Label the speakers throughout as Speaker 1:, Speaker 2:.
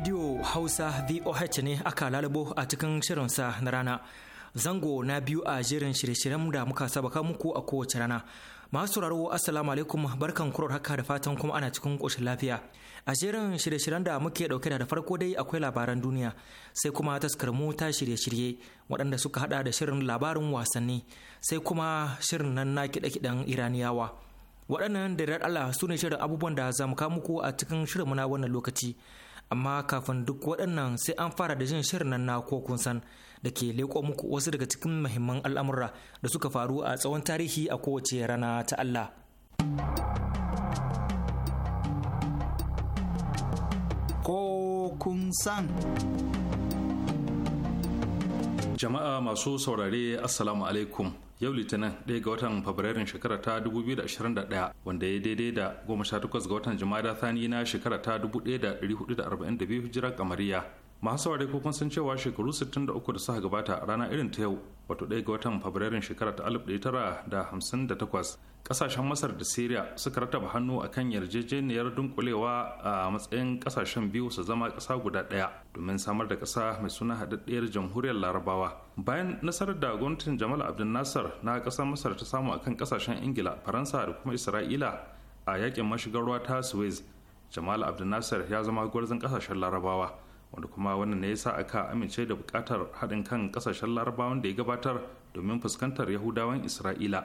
Speaker 1: Radio Hausa VOH ne aka lalabo a cikin shirinsa na rana. Zango na biyu a jerin shirye-shiryen da muka saba ka muku a kowace rana. Masu sauraro Assalamu alaikum barkan kurar haka da fatan kuma ana cikin ƙoshin lafiya. A jerin shirye-shiryen da muke ɗauke da farko dai akwai labaran duniya sai kuma taskar mu ta shirye-shirye waɗanda suka hada da shirin labarin wasanni sai kuma shirin nan na kiɗe-kiɗen Iraniyawa. Waɗannan da Allah su ne shirin abubuwan da za mu kawo muku a cikin shirin na wannan lokaci. amma kafin duk waɗannan sai an fara da jin shirin nan na ko kun san da ke leƙo muku wasu daga cikin muhimman al'amura da suka faru a tsawon tarihi a kowace rana ta Allah.
Speaker 2: Ko kun san.
Speaker 3: Jama'a masu saurare Assalamu alaikum. yau litinin 1 ga watan fabrairun shekara ta 2021 wanda ya daidai da 18 ga watan jumada thani na shekara ta 1442 hijirar kamariya masu saurare ko kun san cewa shekaru 63 da suka gabata a rana irin ta yau wato ɗaya ga watan fabrairun shekara ta 1958 kasashen masar da syria suka rataba hannu a kan yarjejeniyar dunkulewa a matsayin kasashen biyu su zama ƙasa guda ɗaya domin samar da ƙasa mai suna haɗaɗɗiyar jamhuriyar larabawa bayan nasarar da gwamnatin jamal abdul nasar na ƙasar masar ta samu akan kasashen ingila faransa da kuma isra'ila a yakin mashigar ruwa ta suez jamal abdul nasar ya zama gwarzon kasashen larabawa wanda kuma wannan ne yasa aka amince da bukatar haɗin kan ƙasashen larabawan da ya gabatar domin fuskantar yahudawan isra'ila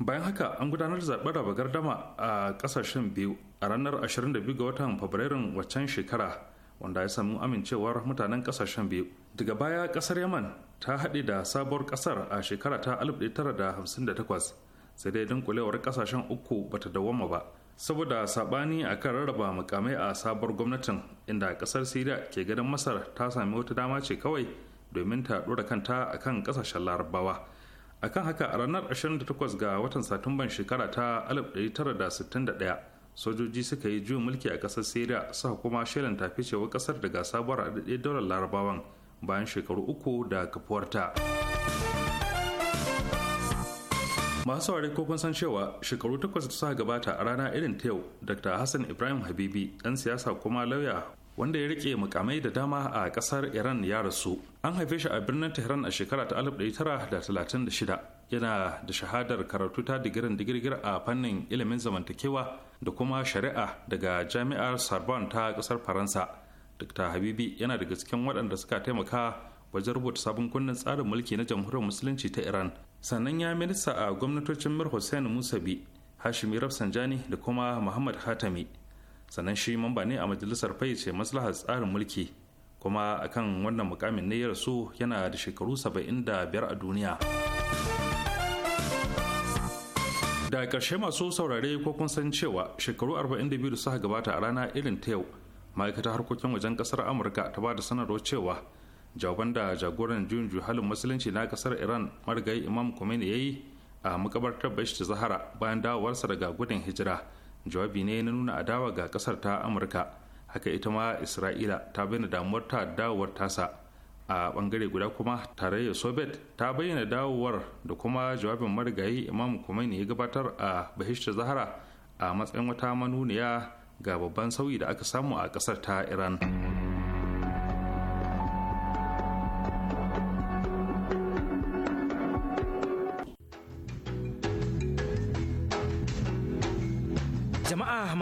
Speaker 3: bayan haka an gudanar zaɓen raba gardama a ƙasashen biyu a ranar 22 ga watan fabrairun waccan shekara wanda ya samu amincewar mutanen ƙasashen biyu daga baya ƙasar yaman ta haɗe da sabuwar ƙasar a shekara ta 1958 sai dai dunkulewar ƙasashen uku bata dawwama ba saboda sabani a kan rarraba mukamai a sabuwar gwamnatin inda kasar siriya ke ganin masar ta sami wata dama ce kawai domin ta dora kanta a kan kasashen larabawa akan haka a ranar 28 ga watan satumban shekara ta 1961 sojoji suka yi juyin mulki a kasar siriya suka kuma shelan tafi cewa kasar daga sabuwar daɗe daular larabawan bayan shekaru uku da kafuwarta. masu saurare ko kun san cewa shekaru takwas da suka gabata a rana irin ta yau dr hassan ibrahim habibi dan siyasa kuma lauya wanda ya rike mukamai da dama a kasar iran ya rasu an haife shi a birnin tehran a shekara ta shida yana da shahadar karatu ta digirin digirgir a fannin ilimin zamantakewa da kuma shari'a daga jami'ar sorbonne ta kasar faransa dr habibi yana daga cikin waɗanda suka taimaka wajen rubuta sabon kundin tsarin mulki na jamhuriyar musulunci ta iran sannan ya minista a gwamnatocin mir hussein musabi hashimi rafsanjani da kuma muhammad hatami sannan shi mamba ne a majalisar fayyace maslahar tsarin mulki kuma akan wannan mukamin ne ya rasu yana da shekaru 75 a duniya da karshe masu saurare ko kun san cewa shekaru 42 da suka gabata a rana irin ta yau ma'aikatar harkokin wajen ƙasar amurka ta ba da sanarwar cewa jawaban da jagoran juyin halin musulunci na kasar iran marigayi imam khomeini ya yi a makabartar bashi zahara bayan dawowarsa daga gudun hijira jawabi ne na nuna adawa ga kasar ta amurka haka ita ma isra'ila ta bayyana damuwar ta dawowar tasa a bangare guda kuma tarayyar soviet ta bayyana dawowar da kuma jawabin marigayi imam khomeini ya gabatar a bahishta zahara a matsayin wata manuniya ga babban sauyi da aka samu a kasar ta iran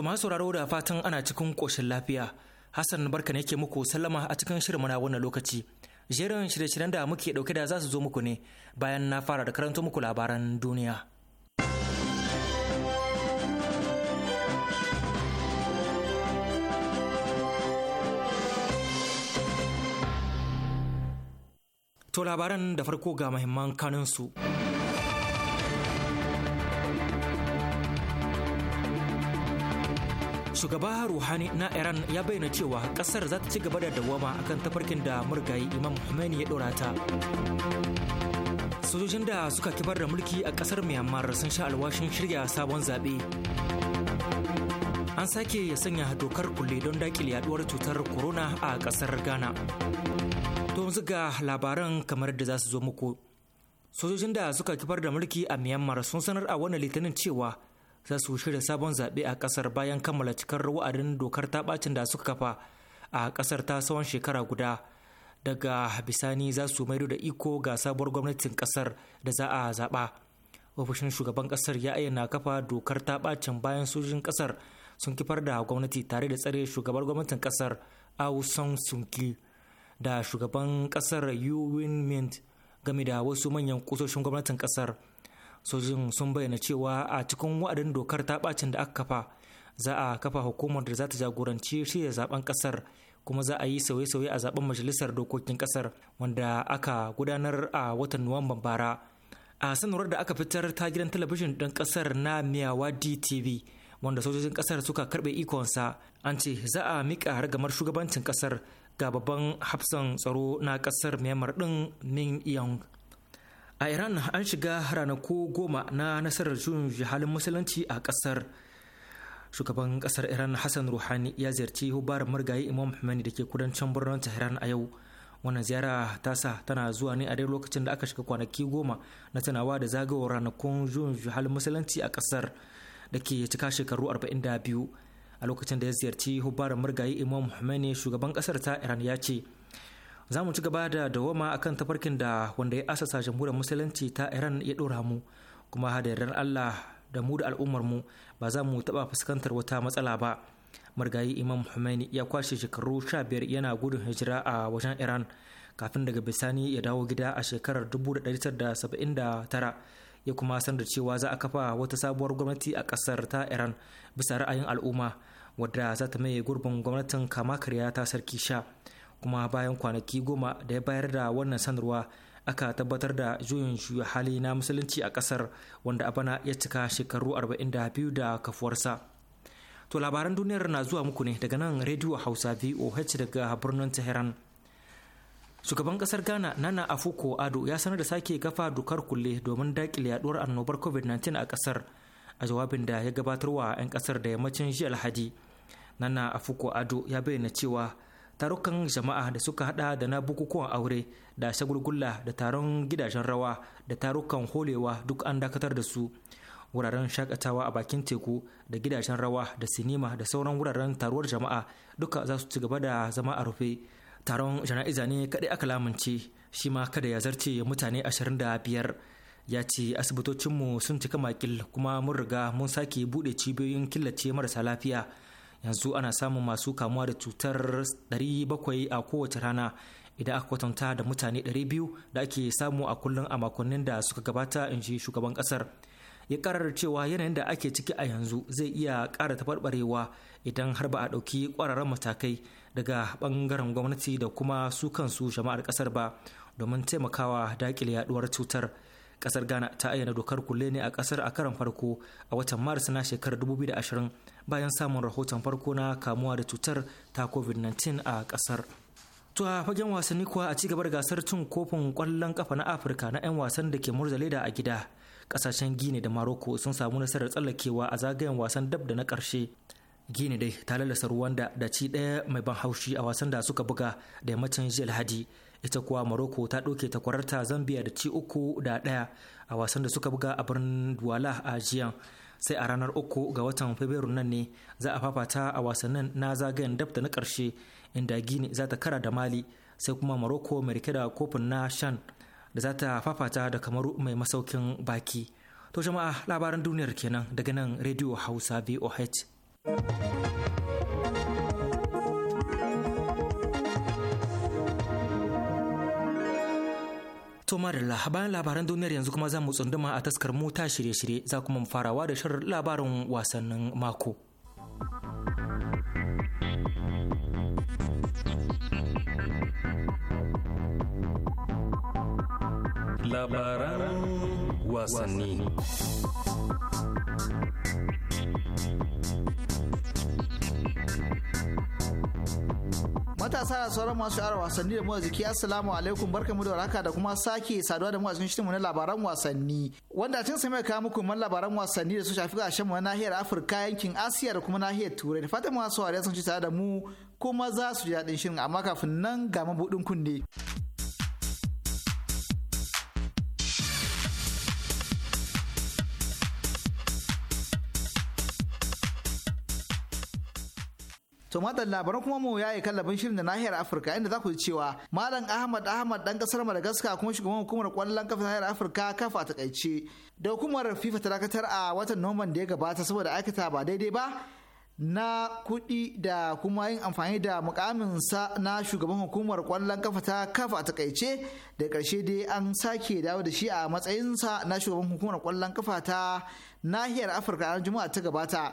Speaker 1: To masu sauraro da fatan ana cikin koshin lafiya. Hassan barka ne ke muku sallama a cikin shirin na wannan lokaci. Jerin shirye-shiryen da muke ɗauke da za su zo muku ne bayan na fara da karanto muku labaran duniya. To labaran da farko ga mahimman kanunsu. su. shugaba ruhani na iran ya bayyana cewa kasar za ta ci gaba da dawama akan tafarkin da murgayi imam khomeini ya dora ta sojojin da suka kibar da mulki a kasar myanmar sun sha alwashin shirya sabon zaɓe an sake ya sanya dokar kulle don dakile yaduwar cutar corona a kasar ghana to yanzu ga labaran kamar da za su zo muku sojojin da suka kibar da mulki a myanmar sun sanar a wannan litinin cewa za su shirya sabon zaɓe a ƙasar bayan kammala cikar wa'adin dokar taɓacin da suka kafa a ƙasar ta tsawon shekara guda daga bisani za su maido da iko ga sabuwar gwamnatin ƙasar da za a zaɓa ofishin shugaban ƙasar ya ayyana kafa dokar taɓacin bayan sojin ƙasar sun kifar da gwamnati tare da tsare shugabar gwamnatin ƙasar aung san da shugaban ƙasar yu mint game da wasu manyan kusoshin gwamnatin ƙasar sojin sun bayyana cewa a cikin wa'adin dokar ta bacin da aka kafa za a kafa hukumar da za ta jagoranci shirya zaben kasar kuma za a yi sauye-sauye a zaben majalisar dokokin kasar wanda aka gudanar a watan nuwamban bara a sanarwar da aka fitar ta gidan talabijin ɗin kasar na miyawa dtv wanda sojojin kasar suka karɓe ikonsa an ce za a miƙa ragamar shugabancin kasar ga babban hafsan tsaro na kasar myanmar ɗin min yong a iran an shiga ranaku goma na nasarar juyin halin musulunci a kasar shugaban kasar iran hassan ruhani ya ziyarci hubar margayi imam hamani da ke kudancin birnin tehran a yau wannan ziyara ta sa tana zuwa ne a dai lokacin da aka shiga kwanaki goma na tunawa da zagawar ranakun juyin halin musulunci a kasar da ke cika shekaru arba'in da biyu a lokacin da ya ziyarci hubar margayi imam hamani shugaban kasar ta iran ya ce za mu ci gaba da a akan tafarkin da wanda ya asasa jamhuriyar musulunci ta iran ya dora mu kuma da yardar allah da mu da al'ummar mu ba za mu taba fuskantar wata matsala ba margayi imam Khomeini ya kwashe shekaru sha yana gudun hijira a wajen iran kafin daga bisani ya dawo gida a shekarar 1979 ya kuma sanar da cewa za a kafa wata sabuwar gwamnati a ƙasar ta iran bisa ra'ayin al'umma wadda za ta maye gurbin gwamnatin kama karya ta sarki sha kuma bayan kwanaki goma da ya bayar da wannan sanarwa aka tabbatar da juyin shuya hali na musulunci a kasar wanda a bana ya cika shekaru 42 da kafuwarsa to labaran duniyar na zuwa muku ne daga nan rediyo hausa voh daga birnin teheran shugaban kasar ghana nana afuko ado ya sanar da sake kafa dokar kulle domin dakile yaduwar annobar covid-19 a kasar a jawabin da ya gabatarwa 'yan kasar da yammacin ji alhaji nana afuko ado ya bayyana cewa tarukan jama'a da suka hada da na bukukuwan aure da shagulgula da taron gidajen rawa da tarukan holewa duk an dakatar da su wuraren shakatawa a bakin teku da gidajen rawa da sinima da sauran wuraren taruwar jama'a duka za su ci gaba da zama a rufe taron jana'iza ne kaɗai aka lamunce shi ma kada ya zarce mutane ashirin da biyar ya ce asibitocinmu sun cika makil kuma mun riga mun sake buɗe cibiyoyin killace marasa lafiya yanzu ana samun masu kamuwa da cutar 700 a kowace rana idan aka kwatanta da mutane 200 da ake samu a kullum a makonnin da suka gabata in ji shugaban kasar ya karar cewa yanayin da ake ciki a yanzu zai iya kara tabarbarewa idan har ba a ɗauki ƙwararren matakai daga bangaren gwamnati da kuma su kansu jama'ar ƙasar ba domin taimakawa daƙile yaɗuwar cutar. kasar ghana ta ayyana dokar kulle ne a kasar a karan farko a watan maris na shekarar 2020 bayan samun rahoton farko na kamuwa da cutar ta covid-19 a kasar to a fagen wasanni kuwa a da gasar cin kofin kwallon kafa na afirka na 'yan wasan da ke murza leda a gida kasashen gini da maroko sun samu nasarar tsallakewa a zagayen wasan dab da na karshe gini dai ta lalasa ruwan da ci daya mai ban haushi a wasan da suka buga da yammacin jiya alhadi ita kuwa morocco ta ɗauke takwararta zambia da ci uku da ɗaya a wasan da suka buga a birnin duwala a jiyan sai a ranar uku ga watan fabrairu nan ne za a fafata a wasannin na zagayen dab da na karshe inda gini za ta kara da mali sai kuma morocco mai rike da kofin na shan da za ta fafata da kamaru mai masaukin baki to jama'a labaran duniyar kenan daga nan rediyo hausa voh To Marilla, bayan labaran duniyar yanzu kuma za mu tsunduma a taskar mota shirye-shirye za kuma mu farawa da shirin labarin wasannin mako.
Speaker 4: Labaran wasanni.
Speaker 2: matasa sa sauran masu sha'awar wasanni da motsa jiki assalamu alaikum barka mu da warhaka da kuma sake saduwa da mu a cikin shirinmu na labaran wasanni wanda cin sai mai kawo muku man labaran wasanni da su shafi gashin mu na nahiyar Afirka yankin Asiya da kuma nahiyar Turai da fatan masu saurare sun ci tare da mu kuma za su ji daɗin shirin amma kafin nan ga mabudin kunne. To madan labaran kuma mu yayi kallabin shirin da nahiyar Afirka inda zaku ku ji cewa Malam Ahmad Ahmad dan kasar Madagascar kuma shugaban hukumar kwallon kafa nahiyar Afirka kafa ta kaice da hukumar FIFA ta dakatar a watan Nuwamban da ya gabata saboda aikata ba daidai ba na kuɗi da kuma yin amfani da mukaminsa na shugaban hukumar kwallon kafa ta kafa a takaice da karshe dai an sake dawo da shi a matsayinsa na shugaban hukumar kwallon kafa ta nahiyar afirka a juma'a ta gabata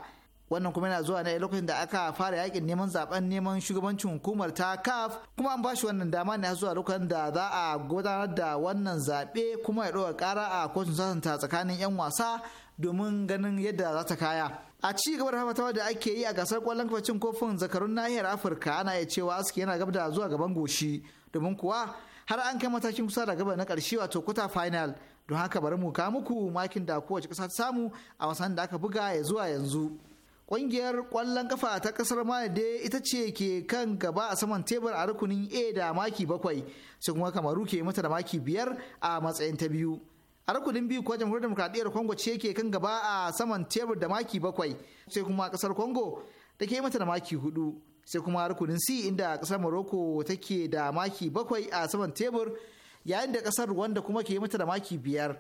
Speaker 2: wannan kuma yana zuwa ne lokacin da aka fara yakin neman zaben neman shugabancin hukumar ta kaf kuma an bashi wannan dama ne zuwa lokacin da za a gudanar da wannan zaɓe kuma ya ɗora ƙara a kotun sasanta tsakanin 'yan wasa domin ganin yadda za ta kaya a ci gaba da fatawa da ake yi a gasar kwallon kafa cin kofin zakarun nahiyar afirka ana iya cewa aski yana gab da zuwa gaban goshi domin kuwa har an kai matakin kusa da gaba na ƙarshe wato kuta final don haka bari mu ka muku makin da kowace ƙasa ta samu a wasan da aka buga ya zuwa yanzu Ƙungiyar ƙwallon kafa ta ƙasar Malade ita ce ke kan gaba a saman tebur a rukunin A da maki bakwai, sai kuma Kamaru ke mata da maki biyar a matsayin ta biyu. A rukunin biyu kuwa jamhuriyar demokradiyyar Congo ce ke kan gaba a saman tebur da maki bakwai, sai kuma ƙasar kongo da ke mata da maki hudu. Sai kuma rukunin C inda ƙasar Morocco take da maki bakwai a saman tebur yayin da ƙasar Rwanda kuma ke mata da maki biyar.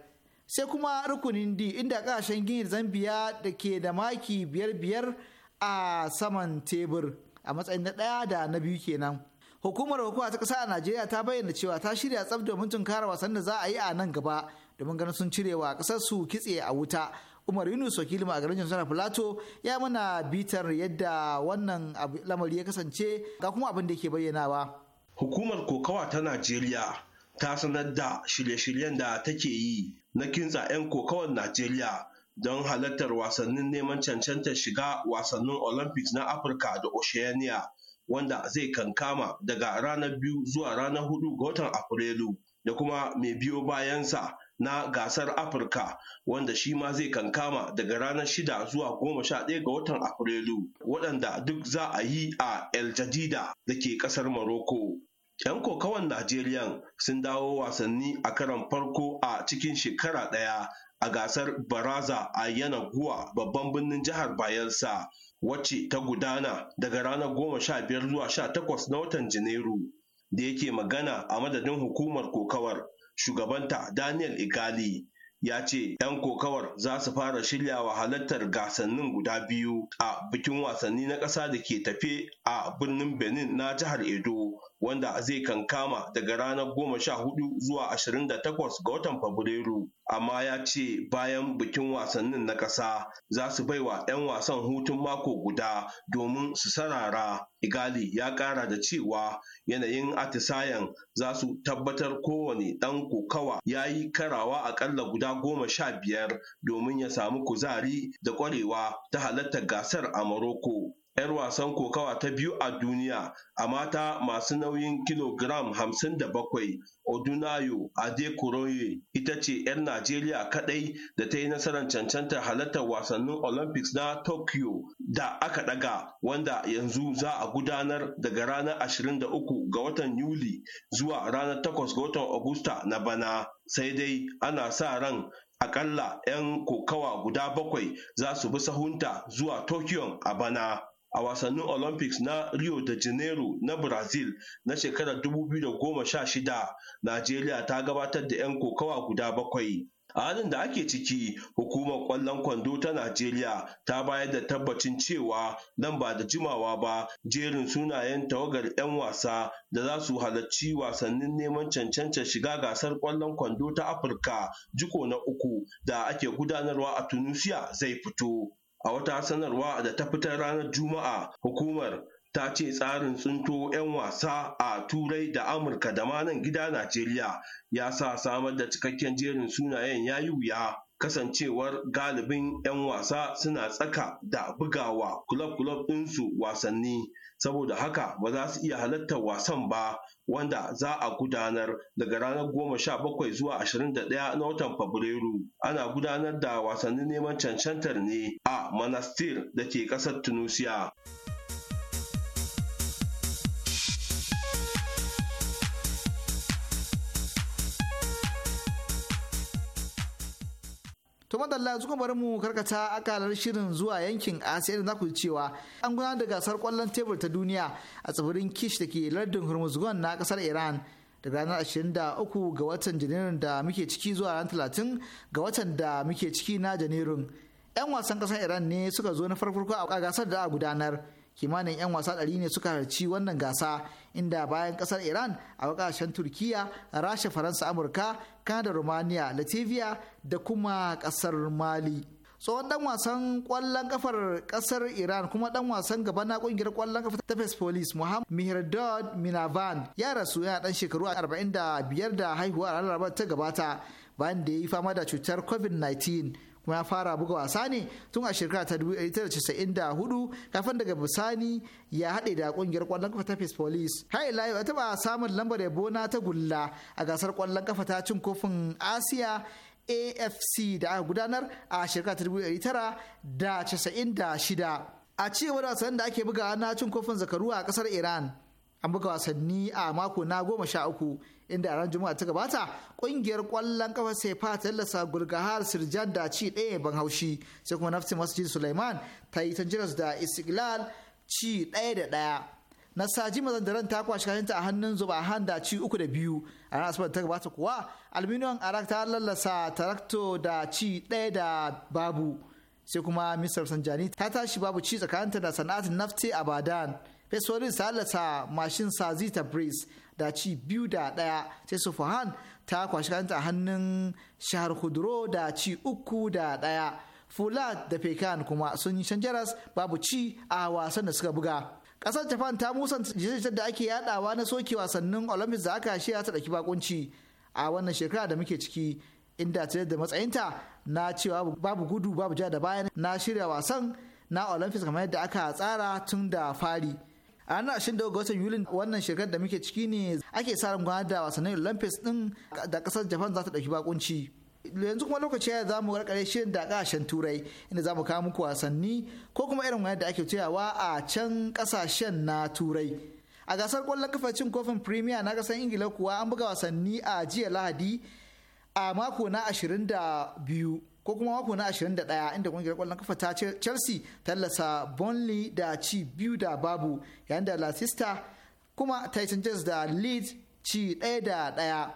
Speaker 2: sai kuma rukunin d inda kasashen gini da zambiya da ke da maki biyar biyar a saman tebur a matsayin na ɗaya da na biyu kenan hukumar hukuma ta ƙasa a najeriya ta bayyana cewa ta shirya tsaf domin tunkara wasan da za a yi a nan gaba domin ganin sun cirewa ƙasar su kitse a wuta umar yunus wakili a garin jamsana filato ya mana bitar yadda wannan lamari ya kasance ga kuma abin da ke bayyanawa
Speaker 5: hukumar kokawa ta najeriya ta sanar da shirye-shiryen da take yi na kintsa 'yan kokawar Najeriya don halartar wasannin neman cancantar shiga wasannin Olympics na Afirka da Oceania wanda zai kankama daga ranar biyu zuwa ranar hudu ga watan Afrilu da kuma mai biyo bayansa na gasar Afirka wanda shi ma zai kankama daga ranar shida zuwa goma sha ɗaya ga watan Afrilu waɗanda duk za a yi a El Jadida da ke ƙasar Morocco. 'Yan kokawan Najeriya sun dawo wasanni a karon farko a cikin shekara ɗaya a gasar Baraza a yana guwa babban birnin jihar Bayelsa wacce ta gudana daga ranar goma sha biyar zuwa sha takwas na watan Janairu da yake magana a madadin hukumar kokawar shugabanta Daniel Igali ya ce 'yan kokawar za su fara shiryawa halartar gasannin guda biyu a bikin wasanni na ƙasa da ke tafe a birnin Benin na jihar Edo wanda zai kankama daga ranar goma sha hudu zuwa ashirin da takwas ga watan Fabrairu. Amma ya ce bayan bikin wasannin na ƙasa za su wa 'yan wasan hutun mako guda domin su sarara. Igali ya ƙara da cewa yanayin atisayen za su tabbatar kowane ɗan kokawa ya yi karawa aƙalla guda goma sha biyar domin ya samu kuzari da ƙwarewa ta halatta gasar a Morocco. 'yar wasan kokawa ta biyu a duniya a mata masu nauyin kilogiram 57 odunayo adekoroye ita ce 'yar najeriya kadai da ta yi nasarar cancantar halartar wasannin olympics na tokyo da aka daga wanda yanzu za a gudanar daga ranar ashirin da uku ga watan yuli zuwa ranar 8 ga watan agusta na bana sai dai ana sa ran akalla 'yan kokawa guda bakwai za su bi sahunta zuwa tokyo a bana a wasannin Olympics na Rio de Janeiro na Brazil na shekarar 2016, Najeriya ta gabatar da 'yan kokawa guda bakwai. A halin da ake ciki, hukumar ƙwallon kwando ta Najeriya ta bayar da tabbacin cewa nan ba da jimawa ba jerin sunayen tawagar 'yan wasa da za su halarci wasannin neman cancanta shiga gasar kwallon kwando ta Afirka jiko na uku da ake gudanarwa a Tunisia zai fito. a wata sanarwa da ta fitar ranar juma'a hukumar ta ce tsarin tsinto 'yan wasa a turai da amurka da ma nan gida najeriya ya sa samar da cikakken jerin sunayen ya yi wuya kasancewar galibin 'yan wasa suna tsaka da bugawa kulob-kulob ɗinsu wasanni saboda haka ba za su iya halartar wasan ba wanda za a gudanar daga ranar goma sha bakwai zuwa ashirin da ɗaya na watan fabrairu ana gudanar da wasannin neman cancantar ne a manastir da ke ƙasar tunisia
Speaker 2: to madalla yanzu kuma bari mu karkata akalar shirin zuwa yankin asiya da naku cewa an gudanar da gasar kwallon tebur ta duniya a tsibirin kish da ke lardin hormuzgon na kasar iran da ranar 23 ga watan janairun da muke ciki zuwa ranar 30 ga watan da muke ciki na janairun 'yan wasan kasar iran ne suka zo na farko a gasar da a gudanar kimanin 'yan wasa 100 ne suka harci wannan gasa inda bayan kasar iran a ƙasashen turkiya rasha faransa amurka kanada romania latvia da kuma kasar mali tsohon dan wasan kwallon kafar kasar iran kuma dan wasan gaba na kungiyar kwallon kafar ta police muhammad mihirdod minavan ya rasu yana dan shekaru 45 da haihuwa a ranar ta gabata bayan da ya yi fama da cutar covid-19 kuma ya fara buga wasa ne tun a shekara ta 1994 kafin daga bisani ya haɗe da ƙungiyar ƙwallon kafa ta face Police. Har ila ya taɓa samun lambar yabo na ta gulla a gasar kwallon kafa ta cin kofin Asiya AFC da aka gudanar a shekara ta 1996. A cewar wasannin da ake bugawa na cin kofin zakaru a ƙasar Iran, an buga wasanni a mako na goma sha uku inda a ran juma'a ta gabata kungiyar kwallon kafa sefa ta lallasa gulgahar sirjan da ci ɗaya ban haushi sai kuma nafsi masjid suleiman ta yi ta da isiglal ci ɗaya da ɗaya nasaji mazandaran ta kwashi kashinta a hannun zuba han da ci uku da biyu a ran asabar ta gabata kuwa aluminium arak ta lallasa tarakto da ci daya da babu sai kuma mr sanjani ta tashi babu ci tsakaninta da sana'atun nafti abadan fesorin sa halasa mashin sa zita breeze da ci biyu da daya sai sufahan ta kwashi kanta a hannun shahar kuduro da ci uku da ɗaya fula da pekan kuma sun yi jaras babu ci a wasan da suka buga kasar japan ta musanta jirgin da ake yadawa na soke wasannin olympics da aka shirya ta daki bakunci a wannan shekara da muke ciki inda ta da matsayinta na cewa babu gudu babu ja da baya na shirya wasan na olympics kamar yadda aka tsara tun da fari a ranar da ga watan yulin wannan shekarar da muke ciki ne ake sa ran gudanar da wasannin olympics din da kasar japan za ta dauki bakunci yanzu kuma lokaci ya zamu mu karkare shirin da kasashen turai inda za mu kawo muku wasanni ko kuma irin wani da ake tuyawa a can kasashen na turai a gasar kwallon kafa cin kofin premier na kasar ingila kuwa an buga wasanni a jiya lahadi a mako na 22 ko kuma mako na 21 inda kungiyar kwallon kafa ta chelsea tallasa burnley da ci biyu da babu yayin da lasista kuma titan yi da leeds ci ɗaya da ɗaya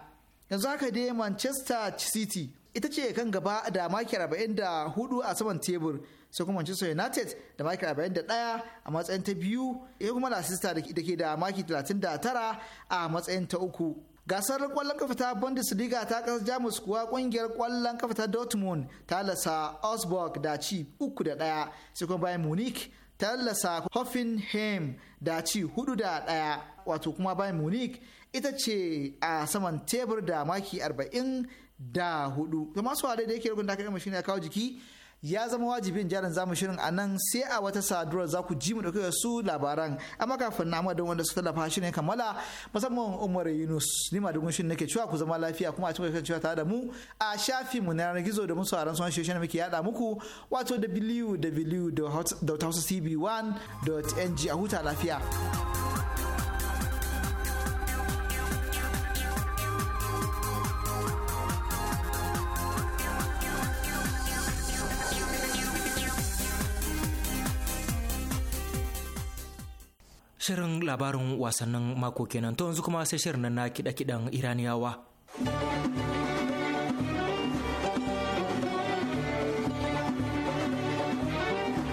Speaker 2: yanzu haka dai manchester city ita ce kan gaba da maki 44 a saman tebur sai kuma manchester united da maki 41 a matsayin ta biyu ya kuma lasista da ke da maki 39 a matsayin ta uku gasar kwallon kafa ta bundesliga ta kasar jamus kuwa kungiyar kwallon kafa ta dortmund ta lasa osborg da ci 3 da daya sai kuma bayan munich ta lasa hoffenheim da ci 4 da daya wato kuma bayan munich ita ce a saman tebur da maki 40 da hudu kuma su da yake rukun da aka shine ya kawo jiki ya zama wajibin jarin zamu shirin a nan sai a wata saduwar za ku ji mu dauke su labaran amma kafin na amma don wanda suka tallafa shi ne kammala musamman Umar Yunus ni ma dugun shin nake cewa ku zama lafiya kuma a cikin cewa tare da mu a shafi mu na yanar gizo da mu sauraron son shi muke yada muku wato www.hausacb1.ng a huta lafiya.
Speaker 1: Shirin labarin wasannin mako kenan to yanzu kuma sai shirin na kiɗa-kiɗan Iraniyawa.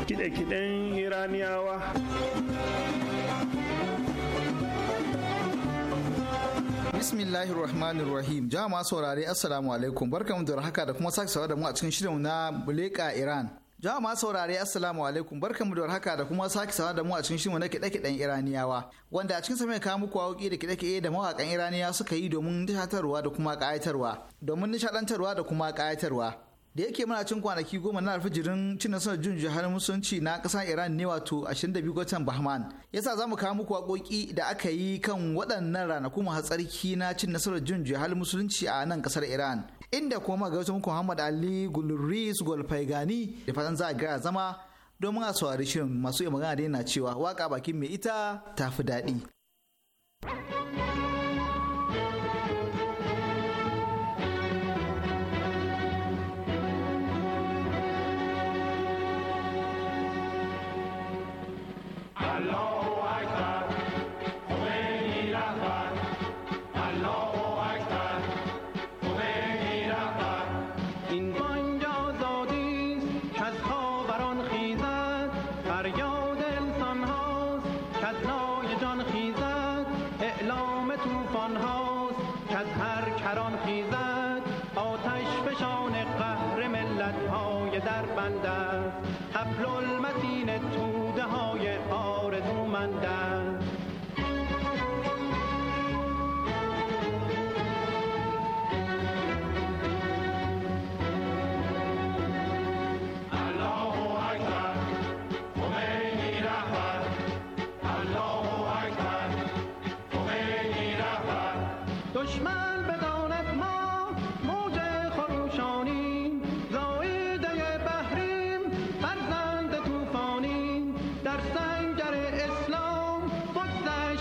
Speaker 1: Kiɗe-kiɗen
Speaker 4: Iraniyawa.
Speaker 2: bismillahir rahmanir rahim jama'a saurare assalamu alaikum barkamu da haka da kuma sake saurare da mu a cikin shirin na buleka iran Jama'a masu saurare Assalamu alaikum mu da warhaka da kuma sake sawa da mu a cikin shirin na kiɗe-kiɗen Iraniyawa wanda a cikin sa mai kawo muku hauki da kiɗe-kiɗe da mawaƙan Iraniya suka yi domin nishaɗantarwa da kuma ƙayatarwa domin nishaɗantarwa da kuma ƙayatarwa. da yake muna cin kwanaki goma na alfijirin cin nasarar jin jihar musulunci na ƙasar iran ne wato 22 watan bahman yasa za mu kawo muku waƙoƙi da aka yi kan waɗannan ranaku masu tsarki na cin nasarar jin jihar musulunci a nan ƙasar iran inda kuma ga wasu muku muhammad ali gulris gani da fatan za a gara zama domin a saurari shirin masu iya magana da yana cewa waka bakin mai ita ta fi daɗi.
Speaker 6: comandante.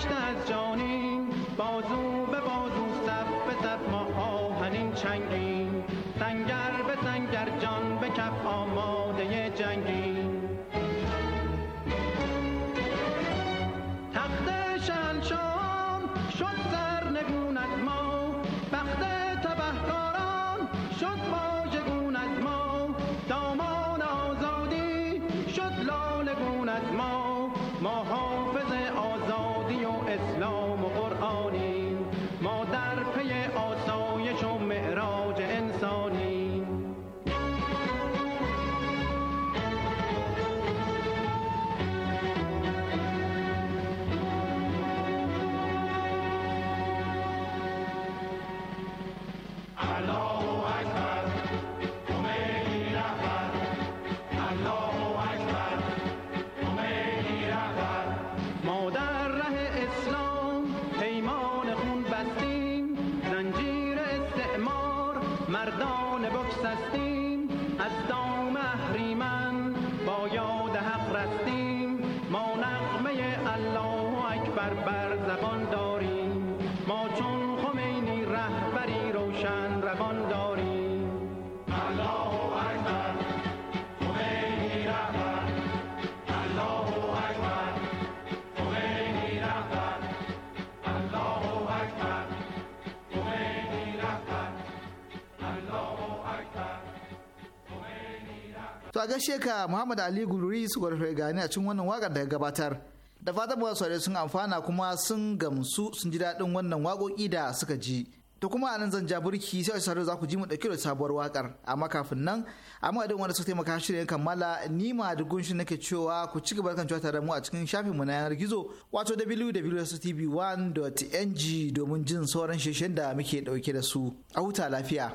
Speaker 6: از جانی بازو به بازو سب به ما آهنین چنگی
Speaker 2: a gaishe ka Muhammad Ali Gururi su gwarfe gani a cikin wannan wakar da gabatar. Da fatan ba saurare sun amfana kuma sun gamsu sun ji daɗin wannan waƙoƙi da suka ji. To kuma anan zan ja burki sai wasu za ku ji mu ɗauki da sabuwar wakar amma kafin nan amma idan wanda suka taimaka shirin kammala ni ma da gunshi nake cewa ku ci gaba kan cewa da mu a cikin shafin mu na yanar gizo wato www.tv1.ng domin jin sauran shirye da muke dauke da su a huta lafiya.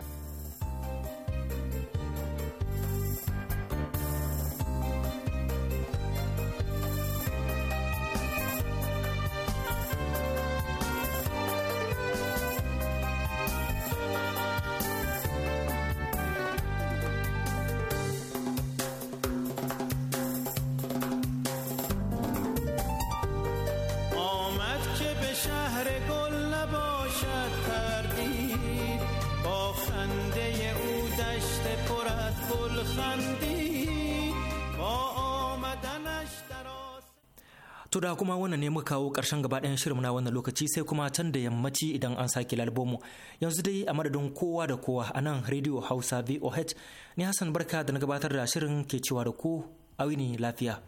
Speaker 1: da kuma wannan ne muka kawo ƙarshen gaba ɗayan shirin na wannan lokaci sai kuma can da yammaci idan an sake lalbomu yanzu dai a madadin kowa da kowa a nan rediyo hausa voh ni hassan barka da na gabatar da shirin ke cewa da ku wuni lafiya.